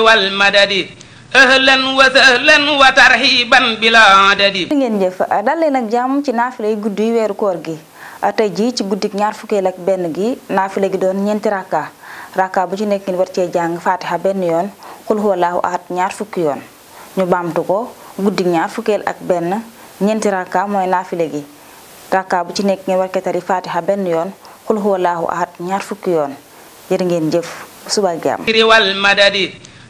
wal madadi ahlan wa sahlan wa tarhiban bila adadi ngeen jëf dal leen ak jàmm ci naafila yi guddi weeru koor gi tey jii ci guddik ñaar fukkeel ak benn gi naafila gi doon ñeenti rakka rakka bu ci nekk ngeen war cee jàng faatiha benn yoon xul huwallaahu ahad ñaar fukki yoon ñu baamtu ko guddik ñaar ak benn ñeenti rakka mooy naafila gi rakka bu ci nekk ngeen war cee benn yoon xul huwallaahu ahad yoon jërë ngeen jëf suba jàmm